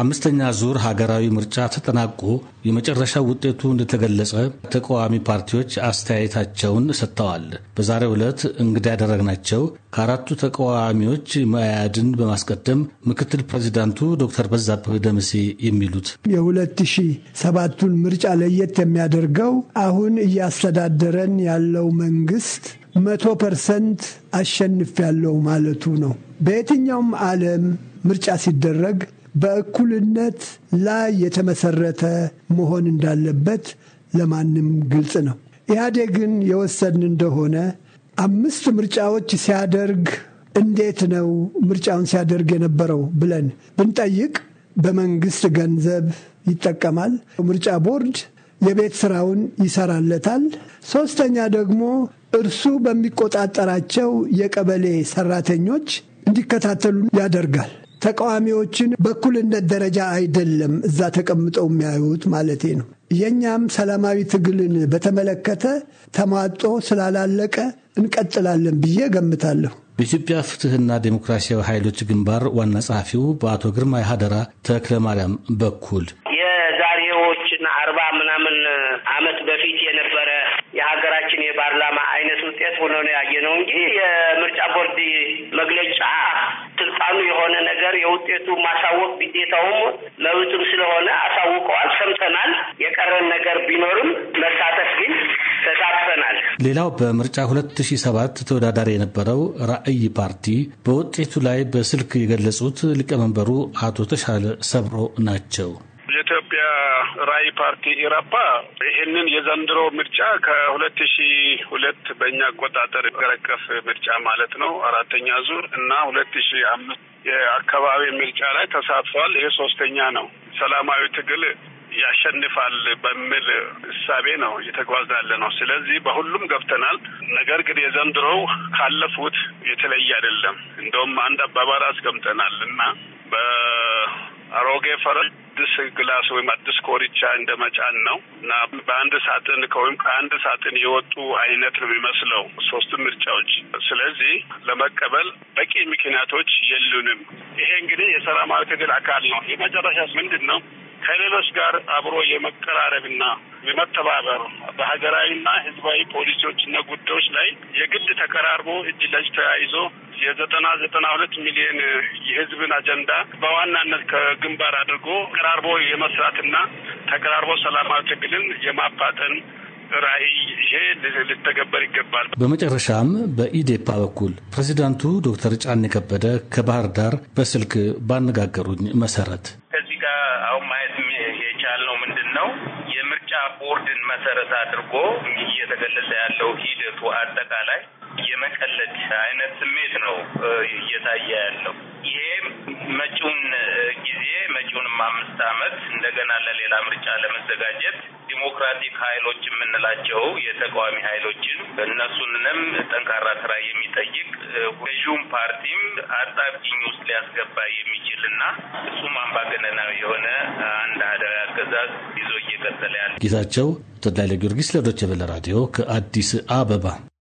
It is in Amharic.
አምስተኛ ዙር ሀገራዊ ምርጫ ተጠናቆ የመጨረሻ ውጤቱ እንደተገለጸ ተቃዋሚ ፓርቲዎች አስተያየታቸውን ሰጥተዋል። በዛሬው ዕለት እንግዳ ያደረግናቸው ከአራቱ ተቃዋሚዎች መያድን በማስቀደም ምክትል ፕሬዚዳንቱ ዶክተር በዛብህ ደምሴ የሚሉት የሁለት ሺህ ሰባቱን ምርጫ ለየት የሚያደርገው አሁን እያስተዳደረን ያለው መንግስት መቶ ፐርሰንት አሸንፍ ያለው ማለቱ ነው። በየትኛውም ዓለም ምርጫ ሲደረግ በእኩልነት ላይ የተመሰረተ መሆን እንዳለበት ለማንም ግልጽ ነው። ኢህአዴግን የወሰድን እንደሆነ አምስት ምርጫዎች ሲያደርግ እንዴት ነው ምርጫውን ሲያደርግ የነበረው ብለን ብንጠይቅ በመንግስት ገንዘብ ይጠቀማል። ምርጫ ቦርድ የቤት ስራውን ይሰራለታል። ሶስተኛ ደግሞ እርሱ በሚቆጣጠራቸው የቀበሌ ሰራተኞች እንዲከታተሉ ያደርጋል። ተቃዋሚዎችን በእኩልነት ደረጃ አይደለም እዛ ተቀምጠው የሚያዩት ማለቴ ነው። የእኛም ሰላማዊ ትግልን በተመለከተ ተሟጦ ስላላለቀ እንቀጥላለን ብዬ ገምታለሁ። በኢትዮጵያ ፍትህና ዴሞክራሲያዊ ኃይሎች ግንባር ዋና ጸሐፊው በአቶ ግርማ ሀደራ ተክለ ማርያም በኩል የዛሬዎችና አርባ ምናምን አመት በፊት የነበረ የሀገራችን የፓርላማ አይነት ውጤት ሆኖ ነው ያየ ነው እንጂ የምርጫ ቦርድ መግለጫ ስልጣኑ የሆነ ነገር የውጤቱ ማሳወቅ ግዴታውም መብቱም ስለሆነ አሳውቀዋል፣ ሰምተናል። የቀረን ነገር ቢኖርም መሳተፍ ግን ተሳትፈናል። ሌላው በምርጫ 2007 ተወዳዳሪ የነበረው ራዕይ ፓርቲ በውጤቱ ላይ በስልክ የገለጹት ሊቀመንበሩ አቶ ተሻለ ሰብሮ ናቸው። ራዕይ ፓርቲ ኢራፓ ይህንን የዘንድሮ ምርጫ ከሁለት ሺ ሁለት በእኛ አቆጣጠር አገር አቀፍ ምርጫ ማለት ነው አራተኛ ዙር እና ሁለት ሺ አምስት የአካባቢ ምርጫ ላይ ተሳትፏል። ይህ ሶስተኛ ነው። ሰላማዊ ትግል ያሸንፋል በሚል እሳቤ ነው እየተጓዝናለ ነው። ስለዚህ በሁሉም ገብተናል። ነገር ግን የዘንድሮው ካለፉት የተለየ አይደለም። እንደውም አንድ አባባል አስቀምጠናል እና አሮጌ ፈረስ አዲስ ግላስ ወይም አዲስ ኮሪቻ እንደ መጫን ነው እና በአንድ ሳጥን ከወይም ከአንድ ሳጥን የወጡ አይነት ነው የሚመስለው ሶስቱም ምርጫዎች። ስለዚህ ለመቀበል በቂ ምክንያቶች የሉንም። ይሄ እንግዲህ የሰላማዊ ትግል አካል ነው። የመጨረሻ ምንድን ነው? ከሌሎች ጋር አብሮ የመቀራረብና የመተባበር በሀገራዊና ህዝባዊ ፖሊሲዎችና ጉዳዮች ላይ የግድ ተቀራርቦ እጅ ለእጅ ተያይዞ የዘጠና ዘጠና ሁለት ሚሊዮን የህዝብን አጀንዳ በዋናነት ከግንባር አድርጎ ቀራርቦ የመስራትና ተቀራርቦ ሰላማዊ ትግልን የማፋጠን ራዕይ ይሄ ሊተገበር ይገባል። በመጨረሻም በኢዴፓ በኩል ፕሬዚዳንቱ ዶክተር ጫኔ ከበደ ከባህር ዳር በስልክ ባነጋገሩኝ መሰረት ፍትሕን መሰረት አድርጎ እየተገለጸ ያለው ሂደቱ አጠቃላይ የመቀለድ አይነት ስሜት ነው እየታየ ያለው። ይሄ መጪውን ጊዜ መጪውንም አምስት አመት እንደገና ለሌላ ምርጫ ለመዘጋጀት ዲሞክራቲክ ኃይሎች የምንላቸው የተቃዋሚ ኃይሎችን እነሱንንም ጠንካራ ስራ የሚጠይቅ ገዥውም ፓርቲም አጣብቂኝ ውስጥ ሊያስገባ የሚችል እና እሱም አምባገነናዊ የሆነ አንድ አህዳዊ አገዛዝ ይዞ ይከተላል። ጌታቸው ተድላ ለጊዮርጊስ ጊዮርጊስ ቬለ ራዲዮ ከአዲስ አበባ